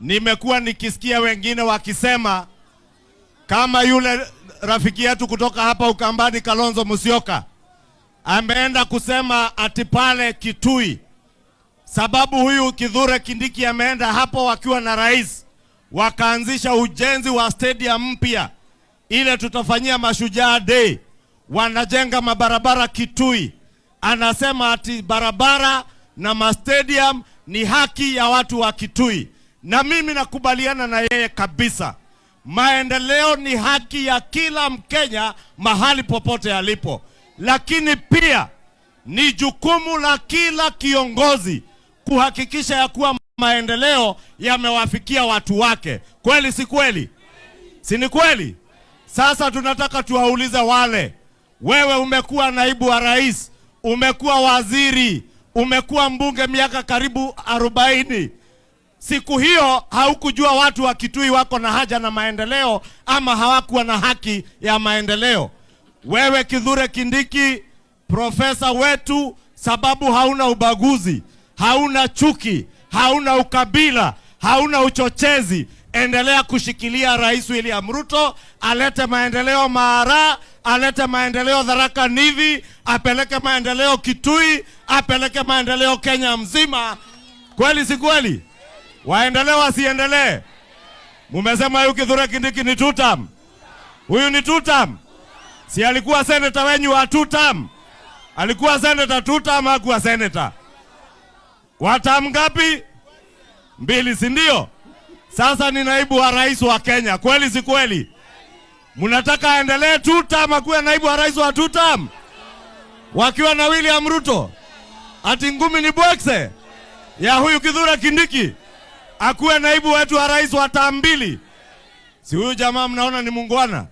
Nimekuwa nikisikia wengine wakisema kama yule rafiki yetu kutoka hapa Ukambani, Kalonzo Musyoka ameenda kusema ati pale Kitui, sababu huyu Kithure Kindiki ameenda hapo wakiwa na rais, wakaanzisha ujenzi wa stadium mpya ile tutafanyia Mashujaa Day, wanajenga mabarabara Kitui. Anasema ati barabara na ma stadium ni haki ya watu wa Kitui na mimi nakubaliana na yeye kabisa. Maendeleo ni haki ya kila Mkenya mahali popote alipo, lakini pia ni jukumu la kila kiongozi kuhakikisha ya kuwa maendeleo yamewafikia watu wake. Kweli si kweli? Si ni kweli? Sasa tunataka tuwaulize wale, wewe umekuwa naibu wa rais, umekuwa waziri, umekuwa mbunge miaka karibu arobaini Siku hiyo haukujua watu wa Kitui wako na haja na maendeleo ama hawakuwa na haki ya maendeleo. Wewe Kithure Kindiki, profesa wetu, sababu hauna ubaguzi, hauna chuki, hauna ukabila, hauna uchochezi, endelea kushikilia Rais William Ruto alete maendeleo Maara, alete maendeleo Tharaka Nithi, apeleke maendeleo Kitui, apeleke maendeleo Kenya mzima. Kweli si kweli? waendelee wasiendelee? Mumesema huyu Kithure Kindiki ni tutam huyu ni tutam Si alikuwa seneta wenyu wa tutam Alikuwa seneta tutam, hakuwa seneta watam ngapi? Mbili, si ndio? Sasa ni naibu wa rais wa Kenya, kweli si kweli? Mnataka aendelee tutam, akuwa akuwe naibu wa rais wa tutam wakiwa na William Ruto, ati ngumi ni bwekse ya huyu Kithure Kindiki? akuwe naibu wetu wa rais wa taa mbili. Si huyu jamaa mnaona ni mungwana?